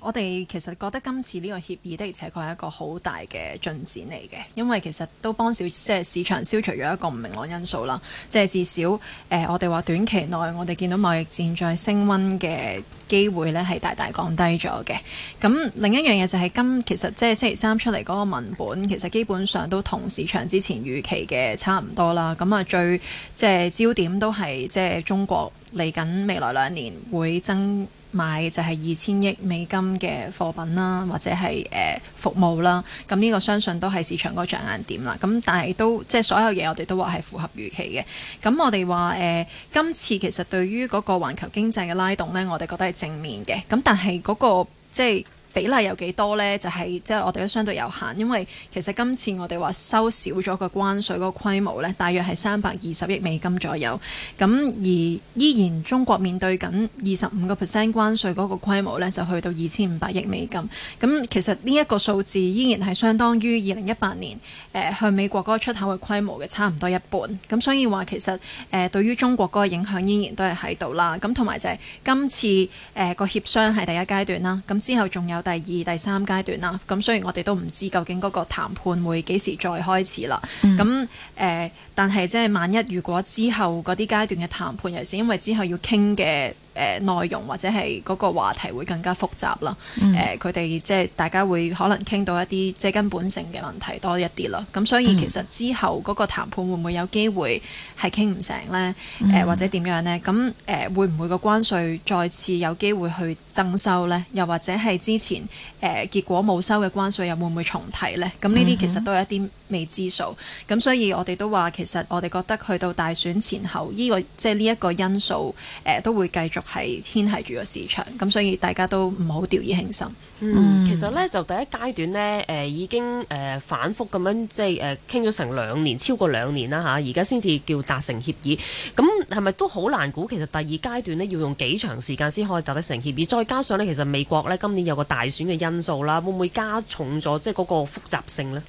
我哋其實覺得今次呢個協議的而且確係一個好大嘅進展嚟嘅，因為其實都幫小即係市場消除咗一個唔明朗因素啦，即係至少誒、呃，我哋話短期內我哋見到貿易戰再升溫嘅機會呢係大大降低咗嘅。咁、嗯、另一樣嘢就係今其實即係星期三出嚟嗰個文本，其實基本上都同市場之前預期嘅差唔多啦。咁、嗯、啊，最即係焦點都係即係中國。嚟緊未來兩年會增買就係二千億美金嘅貨品啦，或者係誒、呃、服務啦。咁、這、呢個相信都係市場個着眼點啦。咁但係都即係所有嘢，我哋都話係符合預期嘅。咁我哋話誒，今次其實對於嗰個環球經濟嘅拉動呢，我哋覺得係正面嘅。咁但係嗰、那個即係。比例有幾多呢？就係即係我哋都相對有限，因為其實今次我哋話收少咗個關稅嗰個規模呢，大約係三百二十億美金左右。咁而依然中國面對緊二十五個 percent 關稅嗰個規模呢，就去到二千五百億美金。咁、嗯、其實呢一個數字依然係相當於二零一八年誒、呃、向美國嗰個出口嘅規模嘅差唔多一半。咁、嗯、所以話其實誒、呃、對於中國嗰個影響依然都係喺度啦。咁同埋就係今次誒、呃、個協商係第一階段啦。咁、嗯、之後仲有。第二、第三階段啦，咁雖然我哋都唔知究竟嗰個談判會幾時再開始啦，咁誒、嗯呃，但係即係萬一如果之後嗰啲階段嘅談判，尤其是因為之後要傾嘅。誒內容或者係嗰個話題會更加複雜啦。誒佢哋即係大家會可能傾到一啲即係根本性嘅問題多一啲啦。咁所以其實之後嗰個談判會唔會有機會係傾唔成呢？誒、嗯呃、或者點樣呢？咁誒、呃、會唔會個關稅再次有機會去增收呢？又或者係之前誒、呃、結果冇收嘅關稅又會唔會重提呢？咁呢啲其實都係一啲未知數。咁所以我哋都話其實我哋覺得去到大選前後，呢、呢個即係呢一個因素誒、呃、都會繼續。係牽係住個市場，咁所以大家都唔好掉以輕心。嗯，其實呢，就第一階段呢誒、呃、已經誒、呃、反覆咁樣，即係誒傾咗成兩年，超過兩年啦嚇，而家先至叫達成協議。咁係咪都好難估？其實第二階段呢，要用幾長時間先可以達得成協議？再加上呢，其實美國呢，今年有個大選嘅因素啦，會唔會加重咗即係嗰個複雜性呢？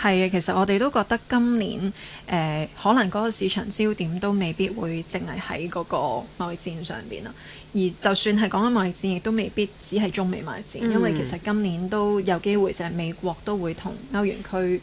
係啊，其實我哋都覺得今年誒、呃、可能嗰個市場焦點都未必會淨係喺嗰個貿易戰上邊啦。而就算係講緊貿易戰，亦都未必只係中美貿易戰，因為其實今年都有機會就係美國都會同歐元區、誒、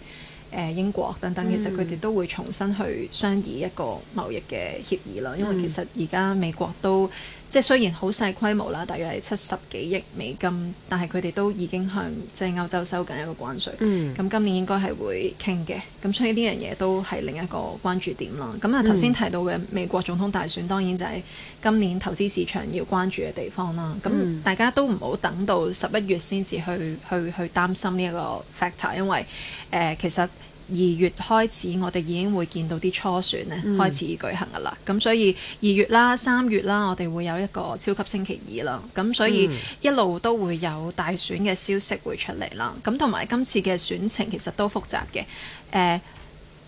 呃、英國等等，其實佢哋都會重新去商議一個貿易嘅協議啦。因為其實而家美國都。即係雖然好細規模啦，大約係七十幾億美金，但係佢哋都已經向即係歐洲收緊一個關稅。咁、嗯、今年應該係會傾嘅。咁所以呢樣嘢都係另一個關注點啦。咁啊頭先提到嘅美國總統大選，嗯、當然就係今年投資市場要關注嘅地方啦。咁、嗯、大家都唔好等到十一月先至去去去,去擔心呢一個 factor，因為誒、呃、其實。二月開始，我哋已經會見到啲初選咧開始舉行㗎啦。咁、嗯、所以二月啦、三月啦，我哋會有一個超級星期二啦。咁所以一路都會有大選嘅消息會出嚟啦。咁同埋今次嘅選情其實都複雜嘅。誒、呃，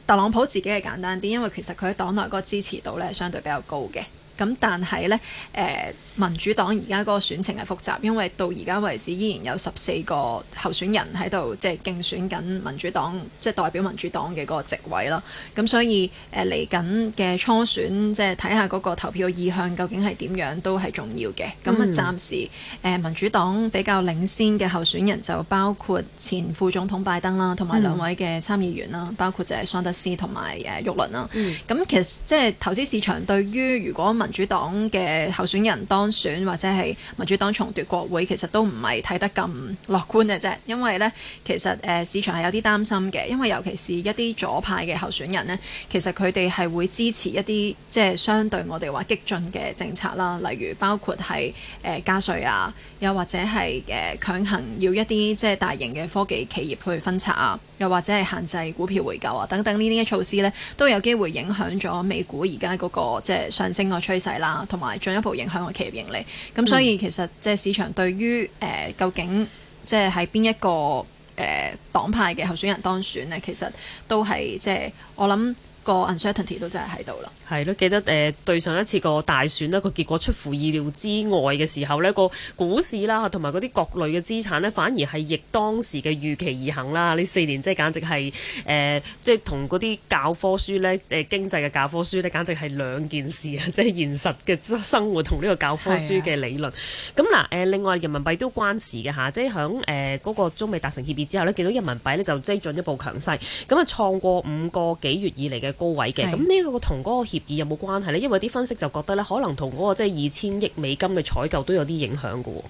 特朗普自己係簡單啲，因為其實佢喺黨內嗰個支持度咧係相對比較高嘅。咁但係咧，誒、呃、民主黨而家嗰個選情係複雜，因為到而家為止依然有十四個候選人喺度即係競選緊民主黨，即係代表民主黨嘅嗰個席位啦。咁所以誒嚟緊嘅初選，即係睇下嗰個投票意向究竟係點樣都係重要嘅。咁啊、嗯，暫時誒、呃、民主黨比較領先嘅候選人就包括前副總統拜登啦，同埋兩位嘅參議員啦，嗯、包括就係桑德斯同埋誒沃倫啦。咁、嗯、其實即係投資市場對於如果民民主黨嘅候選人當選或者係民主黨重奪國會，其實都唔係睇得咁樂觀嘅啫，因為咧其實誒、呃、市場係有啲擔心嘅，因為尤其是一啲左派嘅候選人咧，其實佢哋係會支持一啲即係相對我哋話激進嘅政策啦，例如包括係誒、呃、加稅啊，又或者係誒強行要一啲即係大型嘅科技企業去分拆啊，又或者係限制股票回購啊等等呢啲嘅措施咧，都有機會影響咗美股而家嗰個即係上升嘅趨勢。勢啦，同埋進一步影響個企業盈利。咁所以其實即係市場對於誒、嗯呃、究竟即係喺邊一個誒、呃、黨派嘅候選人當選呢，其實都係即係我諗個 uncertainty 都真係喺度啦。係咯，記得誒、呃、對上一次個大選咧，個結果出乎意料之外嘅時候呢，個股市啦同埋嗰啲各類嘅資產呢，反而係逆當時嘅預期而行啦。呢四年即係簡直係誒，即係同嗰啲教科書呢，誒經濟嘅教科書呢，簡直係兩件事啊！即係現實嘅生活同呢個教科書嘅理論。咁嗱誒，另外人民幣都關事嘅吓，即係響誒嗰個中美達成協議之後呢，見到人民幣呢就即係進一步強勢，咁啊創過五個幾月以嚟嘅高位嘅。咁呢的個同嗰個協而有冇關係呢？因為啲分析就覺得呢可能同嗰個即係二千億美金嘅採購都有啲影響嘅、哦。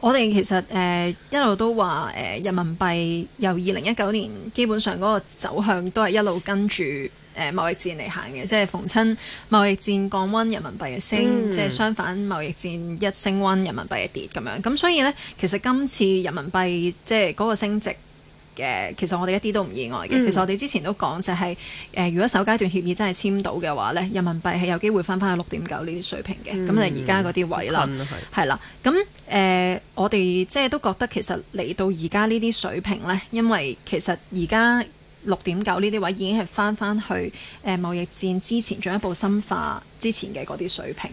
我哋其實誒、呃、一路都話誒、呃、人民幣由二零一九年基本上嗰個走向都係一路跟住誒、呃、貿易戰嚟行嘅，即係逢親貿易戰降溫，人民幣嘅升；嗯、即係相反貿易戰一升溫，人民幣嘅跌咁樣。咁所以呢，其實今次人民幣即係嗰個升值。嘅，其實我哋一啲都唔意外嘅。嗯、其實我哋之前都講就係、是，誒、呃，如果首階段協議真係簽到嘅話咧，人民幣係有機會返返去六點九呢啲水平嘅，咁就而家嗰啲位啦，係啦。咁誒、呃，我哋即係都覺得其實嚟到而家呢啲水平咧，因為其實而家六點九呢啲位已經係返返去誒、呃、貿易戰之前進一步深化之前嘅嗰啲水平。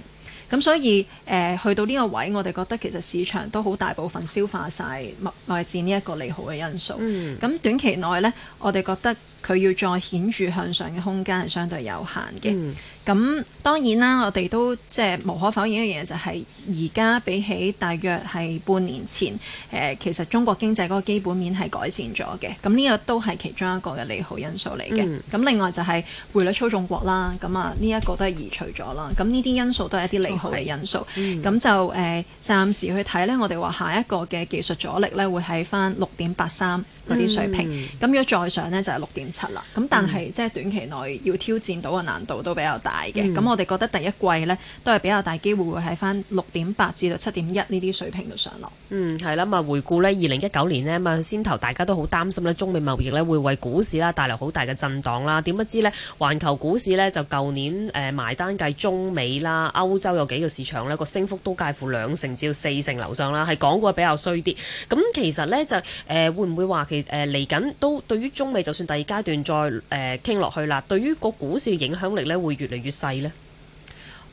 咁所以誒、呃、去到呢個位，我哋覺得其實市場都好大部分消化晒內戰呢一個利好嘅因素。咁、嗯、短期內呢，我哋覺得佢要再顯著向上嘅空間係相對有限嘅。嗯咁當然啦，我哋都即係無可否認一樣嘢，就係而家比起大約係半年前，誒、呃、其實中國經濟嗰個基本面係改善咗嘅。咁呢個都係其中一個嘅利好因素嚟嘅。咁、嗯、另外就係匯率操縱國啦，咁啊呢一個都係移除咗啦。咁呢啲因素都係一啲利好嘅因素。咁、嗯、就誒、呃、暫時去睇呢，我哋話下一個嘅技術阻力呢會喺返六點八三嗰啲水平。咁、嗯、如果再上呢，就係六點七啦。咁但係即係短期內要挑戰到嘅難度都比較大。咁，嗯、我哋覺得第一季呢都係比較大機會會喺翻六點八至到七點一呢啲水平度上落。嗯，係啦，咁啊，回顧呢二零一九年呢，啊，先頭大家都好擔心呢中美貿易咧會為股市啦帶來好大嘅震盪啦。點不知呢環球股市呢，就舊年誒埋單計中美啦，歐洲有幾個市場呢個升幅都介乎兩成至到四成樓上啦，係港股比較衰啲。咁其實呢，就誒、呃、會唔會話其誒嚟緊都對於中美就算第二階段再誒傾落去啦，對於個股市嘅影響力呢，會越嚟越……越細咧，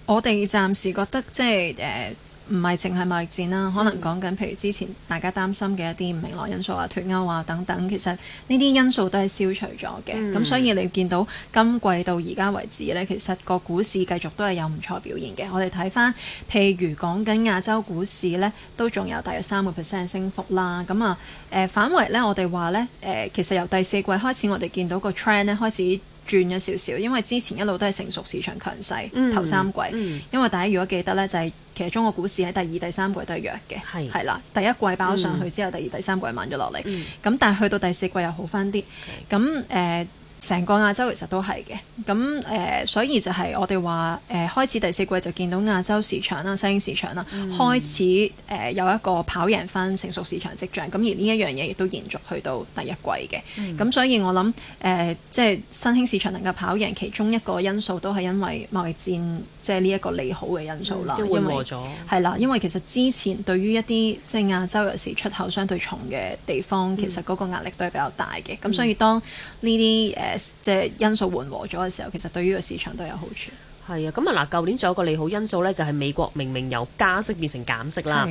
我哋暫時覺得即係誒，唔係淨係貿易戰啦，可能講緊譬如之前大家擔心嘅一啲唔明朗因素啊、脫歐啊等等，其實呢啲因素都係消除咗嘅。咁、嗯、所以你見到今季到而家為止呢，其實個股市繼續都係有唔錯表現嘅。我哋睇翻，譬如講緊亞洲股市呢，都仲有大約三個 percent 升幅啦。咁啊，誒、呃、反而呢，我哋話呢，誒、呃、其實由第四季開始，我哋見到個 trend 呢開始。轉咗少少，因為之前一路都係成熟市場強勢，嗯、頭三季。嗯、因為大家如果記得呢，就係、是、其實中國股市喺第二、第三季都係弱嘅，係是啦，第一季包上去之後，嗯、第二、第三季慢咗落嚟。咁、嗯嗯、但係去到第四季又好返啲。咁誒 Okay.、嗯。呃成個亞洲其實都係嘅，咁誒、呃，所以就係我哋話誒開始第四季就見到亞洲市場啦、新興市場啦、嗯、開始誒、呃、有一個跑贏翻成熟市場跡象，咁而呢一樣嘢亦都延續去到第一季嘅，咁、嗯、所以我諗誒即係新興市場能夠跑贏，其中一個因素都係因為貿易戰即係呢一個利好嘅因素啦，嗯、因為係啦，因為其實之前對於一啲即係亞洲有時出口相對重嘅地方，其實嗰個壓力都係比較大嘅，咁、嗯嗯、所以當呢啲誒。呃即係因素緩和咗嘅時候，其實對於個市場都有好處。係啊，咁啊嗱，舊年仲有個利好因素呢，就係、係、美國明明由加息變成減息啦。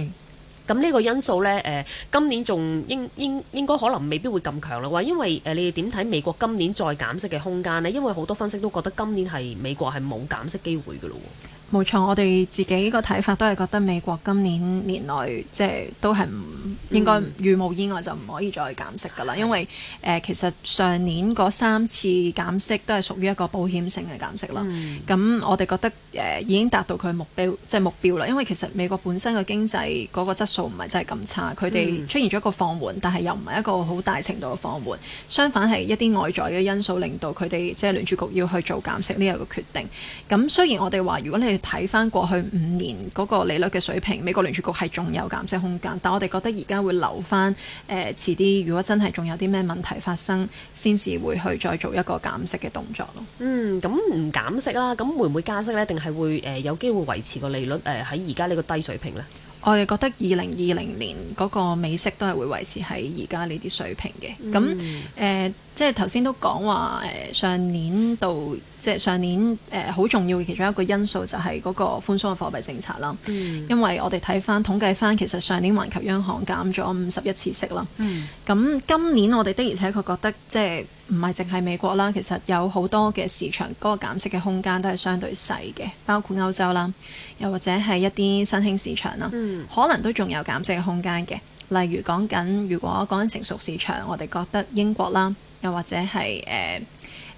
咁呢係個因素呢，誒、呃，今年仲應應應該可能未必會咁強啦喎。因為誒、呃，你哋點睇美國今年再減息嘅空間呢？因為好多分析都覺得今年係美國係冇減息機會嘅咯喎。冇錯，我哋自己個睇法都係覺得美國今年年內即係都係唔應該如、嗯、無意外就唔可以再減息㗎啦，嗯、因為誒、呃、其實上年嗰三次減息都係屬於一個保險性嘅減息啦。咁、嗯、我哋覺得誒、呃、已經達到佢目標即係、就是、目標啦，因為其實美國本身嘅經濟嗰個質素唔係真係咁差，佢哋出現咗一個放緩，嗯、但係又唔係一個好大程度嘅放緩。相反係一啲外在嘅因素令到佢哋即係聯儲局要去做減息呢一個決定。咁雖然我哋話如果你睇翻過去五年嗰個利率嘅水平，美國聯儲局係仲有減息空間，但我哋覺得而家會留翻誒、呃，遲啲如果真係仲有啲咩問題發生，先至會去再做一個減息嘅動作咯。嗯，咁唔減息啦，咁會唔會加息呢？定係會誒、呃、有機會維持個利率誒喺而家呢個低水平呢？我哋覺得二零二零年嗰個美息都係會維持喺而家呢啲水平嘅。咁誒、嗯呃，即係頭先都講話誒，上年度。即係上年誒好、呃、重要嘅其中一個因素就係嗰個寬鬆嘅貨幣政策啦。嗯、因為我哋睇翻統計翻，其實上年環球央行減咗五十一次息啦。咁、嗯、今年我哋的而且確覺得即係唔係淨係美國啦，其實有好多嘅市場嗰個減息嘅空間都係相對細嘅，包括歐洲啦，又或者係一啲新興市場啦，嗯、可能都仲有減息嘅空間嘅。例如講緊，如果講緊成熟市場，我哋覺得英國啦，又或者係誒誒。呃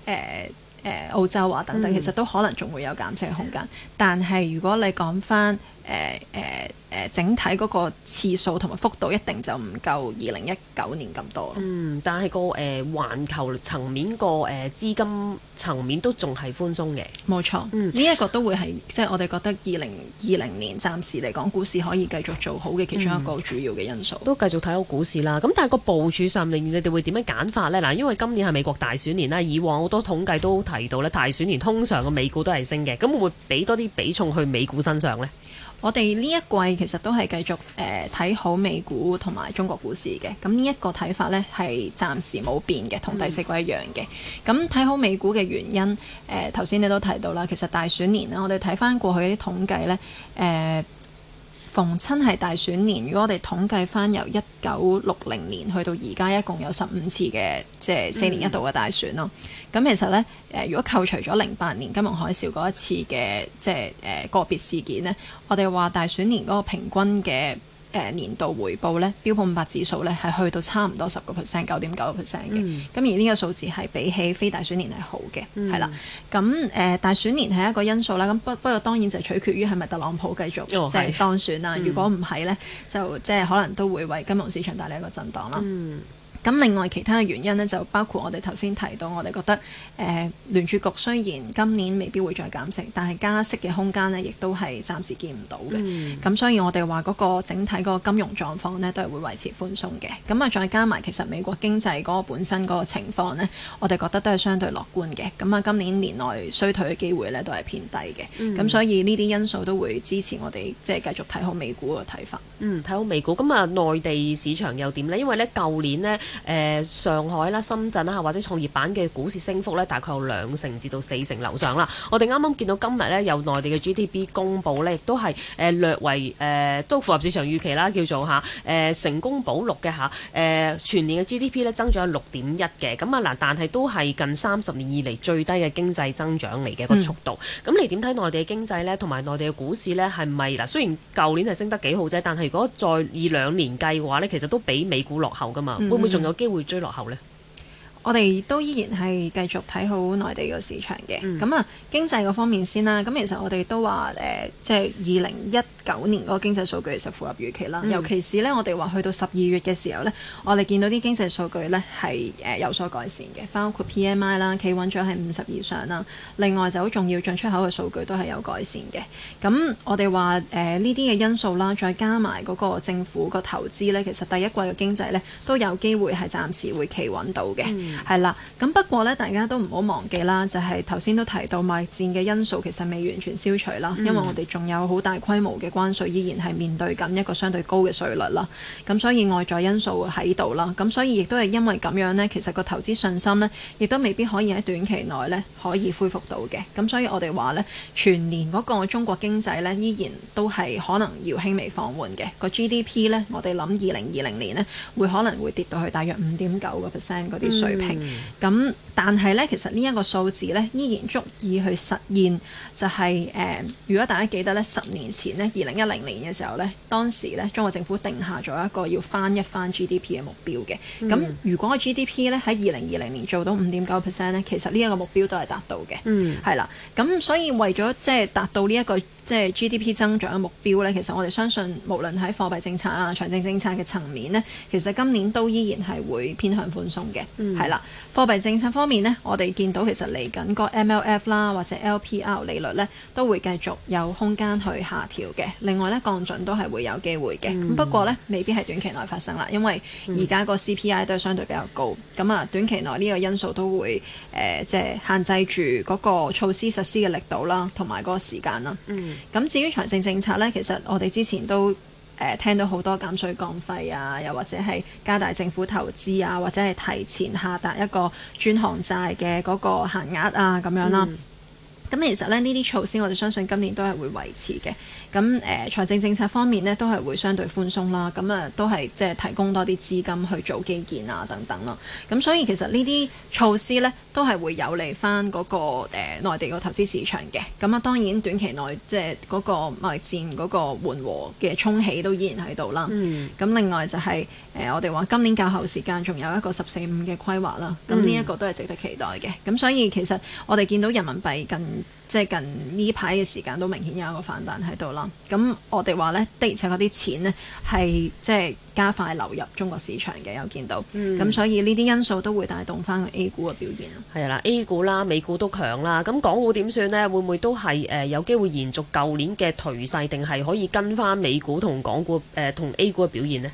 呃呃呃、澳洲啊等等，嗯、其實都可能仲會有減息嘅空間，嗯、但係如果你講翻。誒誒誒，整體嗰個次數同埋幅度一定就唔夠二零一九年咁多。嗯，但係、嗰個誒環、呃、球層面個誒資金層面都仲係寬鬆嘅。冇錯，嗯，呢一個都會係即係我哋覺得二零二零年暫時嚟講，股市可以繼續做好嘅其中一個主要嘅因素、嗯。嗯、都繼續睇好股市啦。咁但係個部署上面，你哋會點樣揀法呢？嗱，因為今年係美國大選年啦，以往好多統計都提到咧，大選年通常個美股都係升嘅，咁會俾多啲比重去美股身上呢？我哋呢一季其實都係繼續誒睇、呃、好美股同埋中國股市嘅，咁呢一個睇法呢，係暫時冇變嘅，同第四季一樣嘅。咁睇好美股嘅原因，誒頭先你都提到啦，其實大選年呢，我哋睇翻過去啲統計呢。誒、呃。逢親係大選年，如果我哋統計翻由一九六零年去到而家，一共有十五次嘅即係四年一度嘅大選咯。咁、嗯、其實呢，誒如果扣除咗零八年金融海嘯嗰一次嘅即係誒、呃、個別事件呢，我哋話大選年嗰個平均嘅。誒、呃、年度回報咧，標普五百指數咧係去到差唔多十、嗯、個 percent，九點九個 percent 嘅。咁而呢個數字係比起非大選年係好嘅，係、嗯、啦。咁、呃、誒大選年係一個因素啦。咁不不過當然就係取決於係咪特朗普繼續、哦、即係當選啦、啊。嗯、如果唔係咧，就即係可能都會為金融市場帶嚟一個震盪啦。嗯。咁另外其他嘅原因呢，就包括我哋頭先提到，我哋覺得誒、呃、聯儲局雖然今年未必會再減息，但係加息嘅空間呢，亦都係暫時見唔到嘅。咁、嗯、所以我哋話嗰個整體嗰個金融狀況呢，都係會維持寬鬆嘅。咁啊，再加埋其實美國經濟嗰個本身嗰個情況呢，我哋覺得都係相對樂觀嘅。咁啊，今年年內衰退嘅機會呢，都係偏低嘅。咁、嗯、所以呢啲因素都會支持我哋即係繼續睇好美股嘅睇法。嗯，睇好美股。咁啊，內地市場又點呢？因為呢，舊年呢。誒、呃、上海啦、深圳啦，或者創業板嘅股市升幅呢，大概有兩成至到四成樓上啦。我哋啱啱見到今日呢，有內地嘅 GDP 公布呢，亦都係誒略為誒、呃、都符合市場預期啦，叫做嚇誒、呃、成功保六嘅嚇誒全年嘅 GDP 呢，增長六點一嘅。咁啊嗱，但係都係近三十年以嚟最低嘅經濟增長嚟嘅、嗰個速度。咁、嗯、你點睇內地嘅經濟呢？同埋內地嘅股市呢？係咪嗱？雖然舊年係升得幾好啫，但係如果再以兩年計嘅話呢，其實都比美股落後㗎嘛。會唔會仲？有機會追落後咧？我哋都依然係繼續睇好內地個市場嘅。咁啊、嗯嗯，經濟個方面先啦。咁其實我哋都話誒、呃，即係二零一九年個經濟數據其實符合預期啦。嗯、尤其是咧，我哋話去到十二月嘅時候咧，我哋見到啲經濟數據咧係誒有所改善嘅，包括 PMI 啦，企穩咗係五十以上啦。另外就好重要進出口嘅數據都係有改善嘅。咁我哋話誒呢啲嘅因素啦，再加埋嗰個政府個投資咧，其實第一季嘅經濟咧都有機會係暫時會企穩到嘅。嗯係啦，咁不過咧，大家都唔好忘記啦，就係頭先都提到貿戰嘅因素其實未完全消除啦，因為我哋仲有好大規模嘅關稅，依然係面對緊一個相對高嘅稅率啦。咁所以外在因素會喺度啦，咁所以亦都係因為咁樣呢，其實個投資信心呢，亦都未必可以喺短期內呢可以恢復到嘅。咁所以我哋話呢，全年嗰個中國經濟呢，依然都係可能要輕微放緩嘅。個 GDP 呢，我哋諗二零二零年呢，會可能會跌到去大約五點九個 percent 嗰啲水平。咁，mm hmm. 但係咧，其實呢一個數字咧，依然足以去實現、就是，就係誒，如果大家記得咧，十年前咧，二零一零年嘅時候咧，當時咧，中國政府定下咗一個要翻一翻 GDP 嘅目標嘅。咁、mm hmm. 如果個 GDP 咧喺二零二零年做到五點九 percent 咧，mm hmm. 其實呢一個目標都係達到嘅。嗯、mm，係、hmm. 啦，咁所以為咗即係達到呢、這、一個。即係 GDP 增長嘅目標呢，其實我哋相信，無論喺貨幣政策啊、財政政策嘅層面呢，其實今年都依然係會偏向寬鬆嘅。嗯，係啦。貨幣政策方面呢，我哋見到其實嚟緊個 MLF 啦，或者 LPR 利率呢，都會繼續有空間去下調嘅。另外呢，降準都係會有機會嘅。嗯、不過呢，未必係短期內發生啦，因為而家個 CPI 都係相對比較高。咁啊，短期內呢個因素都會誒、呃，即係限制住嗰個措施實施嘅力度啦，同埋嗰個時間啦。嗯。咁至於財政政策呢，其實我哋之前都誒、呃、聽到好多減稅降費啊，又或者係加大政府投資啊，或者係提前下達一個專項債嘅嗰個限額啊，咁樣啦。嗯。咁其實咧，呢啲措施我哋相信今年都係會維持嘅。咁誒、呃，財政政策方面呢，都係會相對寬鬆啦。咁啊，都係即係提供多啲資金去做基建啊，等等咯。咁所以其實呢啲措施呢，都係會有利翻嗰、那個誒、呃、內地個投資市場嘅。咁啊，當然短期內即係嗰個貿易戰嗰個緩和嘅沖起都依然喺度啦。咁、嗯、另外就係、是、誒、呃，我哋話今年較後時間仲有一個十四五嘅規劃啦。咁呢一個都係值得期待嘅。咁所以其實我哋見到人民幣近即係近呢排嘅時間都明顯有一個反彈喺度啦，咁我哋話呢，的而且確啲錢呢係即係加快流入中國市場嘅，有見到，咁、嗯、所以呢啲因素都會帶動翻 A 股嘅表現啦。係啦，A 股啦，美股都強啦，咁港股點算呢？會唔會都係誒、呃、有機會延續舊年嘅頹勢，定係可以跟翻美股同港股誒同、呃、A 股嘅表現呢？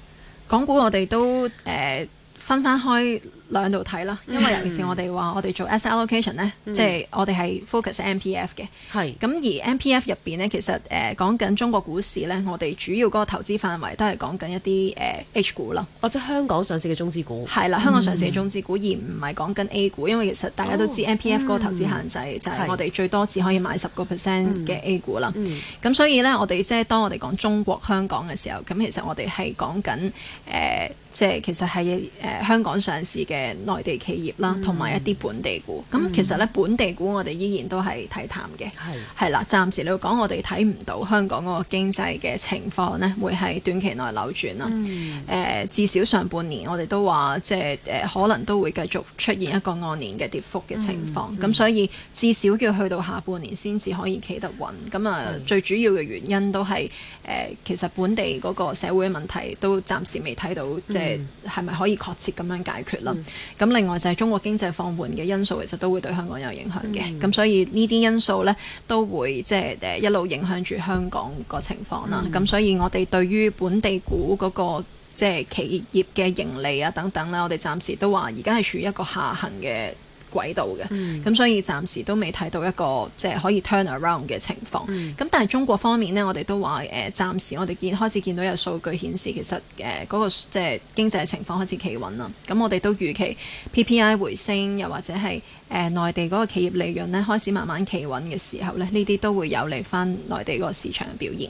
港股我哋都誒。呃分翻開兩度睇啦，因為尤其是我哋話我哋做 asset allocation 咧、嗯，即係我哋係 focus M P F 嘅。係咁是而 M P F 入邊咧，其實誒、呃、講緊中國股市咧，我哋主要嗰個投資範圍都係講緊一啲誒、呃、H 股啦，或者、哦、香港上市嘅中資股。係、嗯、啦，香港上市嘅中資股，而唔係講緊 A 股，因為其實大家都知 M P F 嗰個投資限制就係我哋最多只可以買十個 percent 嘅 A 股啦。咁、嗯嗯嗯、所以咧，我哋即係當我哋講中國香港嘅時候，咁其實我哋係講緊誒。呃即係其實係誒、呃、香港上市嘅內地企業啦，同埋一啲本地股。咁、嗯、其實咧本地股我哋依然都係睇淡嘅。係係是啦，暫時嚟講，我哋睇唔到香港嗰個經濟嘅情況呢，會喺短期內扭轉啦、啊。誒、嗯呃、至少上半年我哋都話，即係誒可能都會繼續出現一個按年嘅跌幅嘅情況。咁、嗯、所以至少要去到下半年先至可以企得穩。咁啊，的最主要嘅原因都係誒、呃、其實本地嗰個社會嘅問題都暫時未睇到即。嗯嗯嗯係咪可以確切咁樣解決啦？咁、mm hmm. 另外就係中國經濟放緩嘅因素，其實都會對香港有影響嘅。咁、mm hmm. 所以呢啲因素呢，都會即係誒一路影響住香港個情況啦。咁、mm hmm. 所以我哋對於本地股嗰個即係企業嘅盈利啊等等啦，我哋暫時都話而家係處於一個下行嘅軌道嘅，咁、嗯、所以暫時都未睇到一個即係可以 turn around 嘅情況。咁、嗯、但係中國方面呢，我哋都話誒、呃，暫時我哋見開始見到有數據顯示，其實誒嗰、呃那個即係、就是、經濟情況開始企穩啦。咁我哋都預期 PPI 回升，又或者係誒、呃、內地嗰個企業利潤咧開始慢慢企穩嘅時候咧，呢啲都會有利翻內地個市場嘅表現。